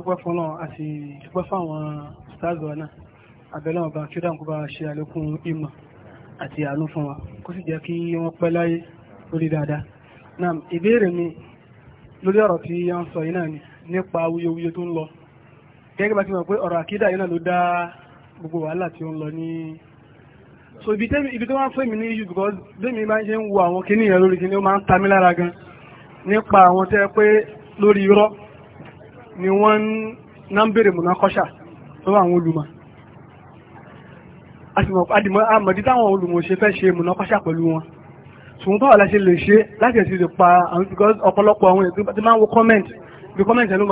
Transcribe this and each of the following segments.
dúpẹ́ fún náà àti dúpẹ́ fáwọn stars wa náà abẹ́lẹ́ ọba kí ó dáhùn kó bá ṣe àlékún ìmọ̀ àti àánú fún wa kó sì jẹ́ kí wọ́n pẹ́ láyé lórí dáadáa náà ìbéèrè mi lórí ọ̀rọ̀ tí a ń sọ yìí náà ni nípa awuyewuye tó ń lọ gẹ́gẹ́ bá ti mọ̀ pé ọ̀rọ̀ àkídà yìí náà ló dá gbogbo wàhálà tí ó ń lọ ní so ibi tó máa ń fún mi ní yìí because bẹ́ẹ̀ni máa ń ṣe ń wo àwọn kíní yẹn lórí kíní ó máa ń ta mí lára gan nípa àwọn tẹ́ pé lórí irọ́ ni wọ́n ná ń bèrè mùnákọ́ṣà lọ́wọ́ àwọn olùmọ̀ àmọ̀dí táwọn olùmọ̀ ṣe fẹ́ ṣe mùnákọ́ṣà pẹ̀lú wọn ṣùgbọ́n báwo la ṣe lè ṣe láti ẹ̀sìn lè pa àwọn because ọ̀pọ̀lọpọ̀ àwọn èèyàn ti máa ń wo comment bí comment ló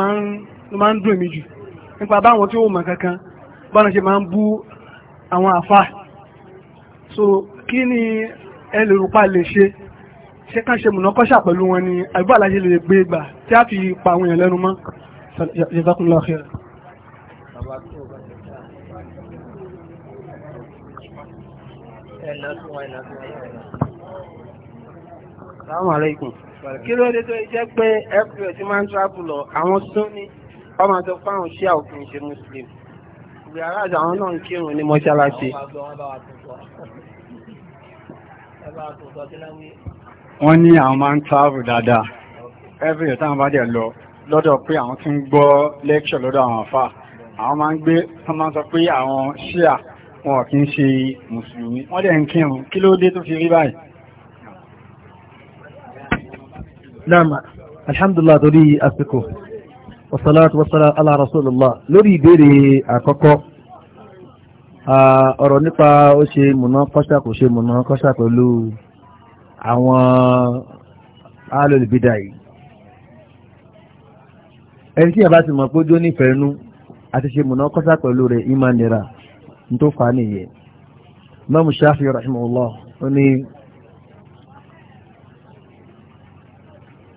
máa ń dùn èmi jù nípa báwọn tí ó mọ̀ kankan báwọn ṣe máa ń bú àwọn àfà so kí ni ẹ lè rúpa lè ṣe ṣé ká ṣe mùnákọ́ṣà pẹ̀lú wọn ni àbí báwo la ṣe lè gbé gbà tí a fi pa àwọn èèyàn lẹ́nu mọ́. Jazakumullahu khairan. Assalamu alaikum. Kí ló dé tó jẹ́ pé ẹ̀pùrẹ̀ tí máa ń trápù lọ, àwọn Sunni, ọmọ àti ọ̀pá àwọn ṣíà òfin ṣe Muslim. Ìgbé aráàlú àwọn náà ń kírun ní mọ́ṣáláṣí. Wọ́n ní àwọn máa ń trápù dáadáa. Ẹ̀pùrẹ̀ táwọn bá dẹ̀ lọ, lọ́dọ̀ pé àwọn ti ń gbọ́ lẹ́kṣọ̀ lọ́dọ̀ àwọn àfà àwọn máa ń gbé wọ́n máa ń sọ pé àwọn ṣíà wọn kì í ṣe mùsùlùmí wọ́n dẹ̀ ń kírun kí ló dé tó fi rí báyìí. naam alhamdulillah torí àsìkò wasalaatu wasalaam ala rasulillah lórí ìbéèrè àkọ́kọ́ ọ̀rọ̀ nípa ó ṣe múná kọ́ṣà kò ṣe múná kọ́ṣà pẹ̀lú àwọn alólùbídà yìí ẹni tí yàrá ti mọ̀ pé ó jó nífẹ̀ẹ́ nú àti ṣe mọ̀nà kọ́sà pẹ̀lú rẹ̀ ìmá nira ní tó fà á nìyẹn mọ́mù ṣáfi rahimahullah ó ní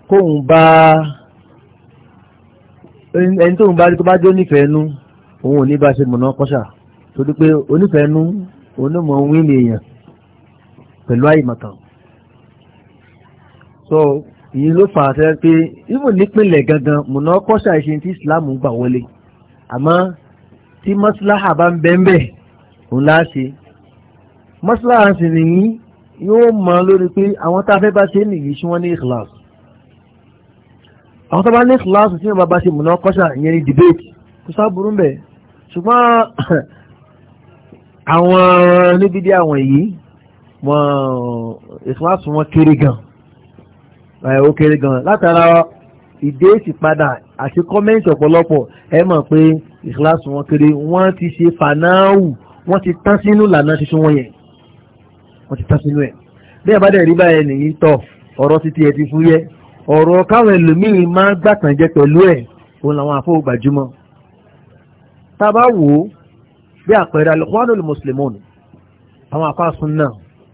kóun bá ẹni tóun bá tó bá jó nífẹ̀ẹ́ nú òun ò ní bá ṣe mọ̀nà kọ́sà torí pé onífẹ̀ẹ́ nú onímọ̀ ń wí nìyẹn pẹ̀lú àyè mọ̀kàn. so ìyẹn ló fà á sẹ́ pé ibù nípìnlẹ̀ gangan múná kọ́ṣà ìṣe tí islam gbà wọlé àmọ́ tí mọ́síláhà bá ń bẹ́ ń bẹ̀ òun láá ṣe mọ́síláhà sì nìyí yóò mọ lórí pé àwọn tá a fẹ́ bá ṣe nìyí tí wọ́n ní ikhlas àwọn tó bá ní ikhlas tí wọ́n bá bá ṣe múná kọ́ṣà ìyẹn ní debate kò sábúrú ń bẹ̀ ṣùgbọ́n àwọn níbi dí àwọn yìí wọn ikhlas wọn kéré gan-an ó kéré gan látara ìdé ìsìpadà àti kọ́mẹ́ǹtì ọ̀pọ̀lọpọ̀ ẹ mọ̀ pé ìkíláàsì wọn kéré wọ́n ti ṣe fanáwù wọ́n ti tán sínú lànà tuntun wọn yẹn wọ́n ti tán sínú ẹ̀ bí ẹ̀bá dẹ̀ rí báyẹn nìyí tọ̀ ọ̀rọ̀ títí ẹ̀ ti fú yẹ ọ̀rọ̀ káwọn ẹlòmíín máa ń gbàtàn jẹ pẹ̀lú ẹ̀ òun làwọn àfọwọ́ gbajúmọ̀ tá a bá wò ó bí àpẹẹrẹ alukwanul muslimun àwọn àfa sunna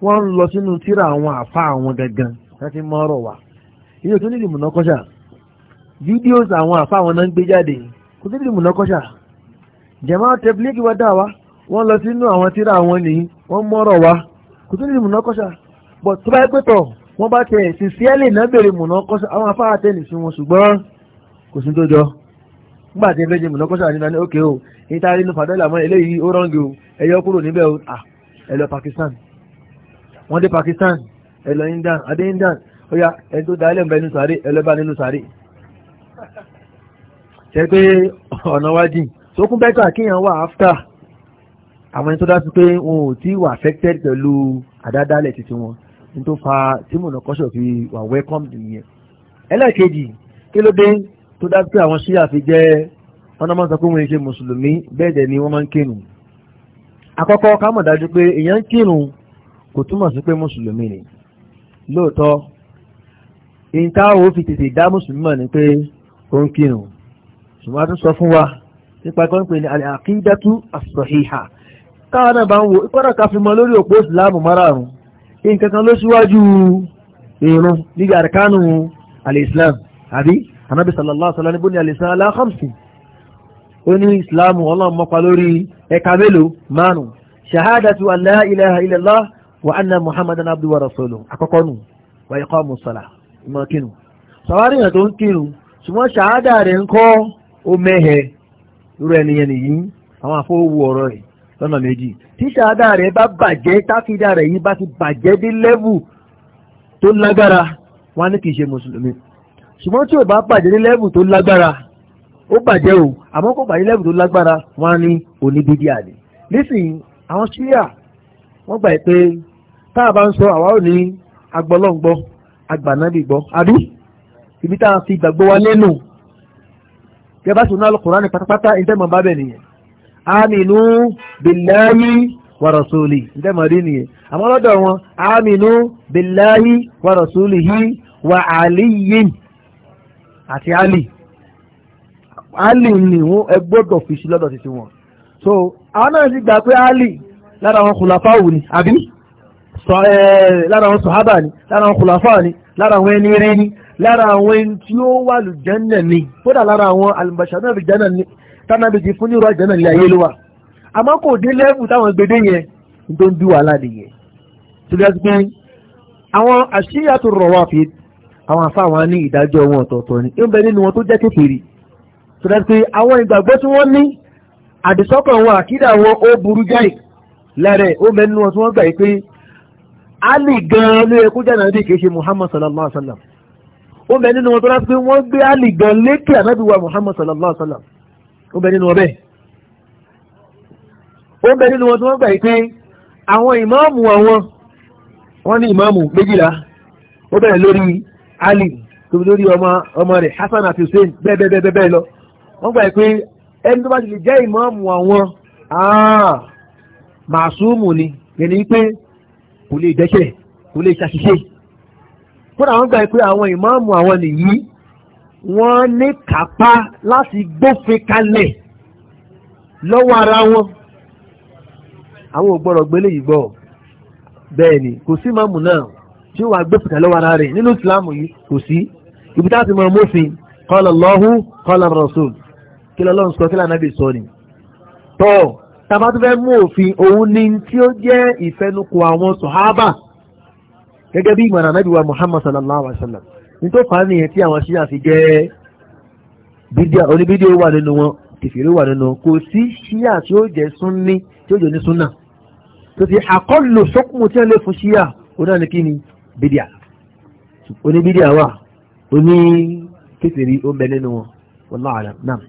wọ́n ń lọ sínú tíra àwọn àfa àwọn gangan láti mọ́ ọ̀rọ̀ wa èyí tó nílùú mùnàkọ́ṣà fídíòs àwọn àfa àwọn náà ń gbé jáde kò sí nílùú mùnàkọ́ṣà jẹ̀mọ́ tẹ̀blíkì wá dà wá wọ́n lọ sínú àwọn tíra àwọn nìyí wọ́n mọ́rọ̀ wá kò sí nílùú mùnàkọ́ṣà bọ̀ tó bá pẹ́ tọ̀ wọ́n bá tẹ̀ sí síẹ́lì náà bèrè mùnàkọ́ṣà àwọn afá àtẹ̀lẹ̀ sí wọn ṣùgbọ́n kò sí tó jọ nígbà tí ẹgbẹ́ jẹ mùnàkọ́ṣà nígbà ní ókè o níta rí inú fàdọ́là mọ́ eléyìí ó rọ́ǹgì o ẹ yọ kúrò níbẹ̀ o ẹ lọ Pakistan wọ́n dé Pakistan ẹ lọ India adé India ó yá ẹni tó da ẹlẹ́m̀bẹ́ nínú sàárè ẹlẹ́bà nínú sàárè ṣe pé ọ̀nà wá dì tó kún bẹ́tà kéèyàn wà áfítà àwọn ẹni tó dá sí pé wọn ò tí wà affected pẹ̀lú àdádálẹ̀ títí wọn ní tó fa tí mọ̀nà kọ́ṣọ̀ fi wà welcomed nìyẹn ẹlẹ́ẹ̀kejì kí ló dé tó dá sí pé àwọn ṣíyà fi jẹ́ wọn máa ń sọ pé wọn ṣe mùsùlùmí bẹ́ẹ̀ dẹ̀ ni wọ́n máa ń kírun àkọ́kọ́ ká mọ̀ dájú pé èèyàn kírun kò túmọ̀ sí pé mùsùlùmí ni lóòótọ́ èyí táwọn ò fi tètè dá mùsùlùmí mọ̀ ni pé ó ń kírun ṣùgbọ́n a tún sọ fún wa nípa kan pé ní àkídátú àsọ̀híhà káwọn náà bá ń wo ìpọ́nà ká fi mọ lórí òpó ìsìláàmù márààrún nǹkan kan ló síwájú ìrun níbi àríkánu alìsílám àbí anábì sallallahu alaihi wasallam ní alìsílám aláhàmsì ó ní ìsìláàmù ọlọ́run mọ́pa lórí ẹ̀ka mélòó márùn ṣahádàtú an la ilaha illallah wa anna muhammadan wa rasuluhu àkọ́kọ́ nù wa iqamu salah ìmọ̀ kírun sàwárí èèyàn tó ń kírun ṣùgbọ́n ṣàádà rẹ̀ ń kọ́ ó mẹ́hẹ̀ irú ẹnìyẹn nìyí àwọn àfọwọ́ ọ̀rọ̀ rẹ̀ lọ́nà méjì tí ṣàádà rẹ̀ bá bàjẹ́ tákìdá rẹ̀ yìí bá ti bàjẹ́ dé lẹ́vù tó lágbára wọn ní kì í ṣe mùsùlùmí ṣùgbọ́n tí ò bá bàjẹ́ dé lẹ́vù tó lágbára ó bàjẹ́ o àmọ́ kò bàjẹ́ lẹ́bù tó lágbára wọn ní oníbídíà ni nísìnyí àwọn ṣíyà wọ́n gbà pé tá bá ń sọ àwa ní agbọ́lọ́ngbọ́ agbànábì gbọ́ àbí ibi tá a fi gbàgbọ́ wa lẹ́nu kí ẹ bá sùn náà lọ Kùránì pátápátá ní tẹ́mọ̀ nìyẹn aminu billahi wa rasuli ní tẹ́mọ̀ rí nìyẹn àmọ́ lọ́dọ̀ wọn aminu billahi wa rasulihi wa aliyin ati ali ali ni wọn ẹ gbọ́dọ̀ fi sí lọ́dọ̀ wọn so àwọn náà ti gbà pé ali lára wọn kula fáwù ni àbí lára àwọn sọ̀hábà ni lára àwọn kùlàfà ni lára àwọn ẹni rí ni lára àwọn ẹni tí ó wà lùjẹ́nà ni kódà lára àwọn alùbàṣà ni tánàbí ti fún nírọ̀ ìjẹ́nà ilé ayé ló wà àmọ́ kò dé lẹ́bù táwọn gbèdé yẹn tó ń bí wàhálà nìyẹn tó dá sí pé àwọn àṣíyà tó rọ̀ wá fi àwọn afáwọn ní ìdájọ́ wọn mẹ́nu wọn tí wọ́n Ali gan ló yẹ kó jẹ́ nàbí kìí ṣe Muhammad sallallahu alaihi wa sallam ó bẹ nínú wọn tó láti pé wọ́n gbé Ali gan lékè ànábì wa Muhammad sallallahu alaihi wa sallam ó bẹ nínú wọn bẹ́ẹ̀ ó bẹ nínú wọn tó wọ́n gbà yìí pé àwọn ìmáàmù àwọn wọ́n ní ìmáàmù méjìlá ó bẹ̀rẹ̀ lórí Ali tó lórí ọmọ ọmọ rẹ̀ Hasan àti Hussein bẹ́ẹ̀ bẹ́ẹ̀ bẹ́ẹ̀ bẹ́ẹ̀ lọ wọ́n gbà yìí pé ẹni tó bá kò lè dẹ́ṣẹ̀ kò lè ṣàṣìṣe fúnra wọn gbà pé àwọn ìmáàmù àwọn nìyí wọ́n ní kápá láti gbófin kalẹ̀ lọ́wọ́ ara wọn àwọn ò gbọ́dọ̀ gbélé yìí gbọ́ bẹ́ẹ̀ ni kò sí ìmáàmù náà tí ó wà gbófin kalẹ̀ lọ́wọ́ ara rẹ̀ nínú ìsìláàmù yìí kò sí ibi táà ti mọ mọ́fin qala Allahu qala Rasul kí lọ́lọ́run sọ kí lànà bè sọ ni tọ́ọ̀ tàbá tó fẹ́ mú òfin òun ni tí ó jẹ́ ìfẹnukò àwọn sọ̀hábà gẹ́gẹ́ bí ìmọ̀ràn Ànábì wa Muhammad sallallahu alaihi wa sallam ní tó fà á nìyẹn tí àwọn ṣíyà fi jẹ́ oníbídíò wà nínú wọn kìfìrí wà nínú kò sí ṣíyà tí ó jẹ́ súnní tí ó jẹ́ ní súnà tó ti àkọlù sókùnmù tí wọ́n lè fún ṣíyà oná ni kí ni bídíà oníbídíà wà oní kìfìrí ó bẹ nínú wọn wallahu a'lam náà.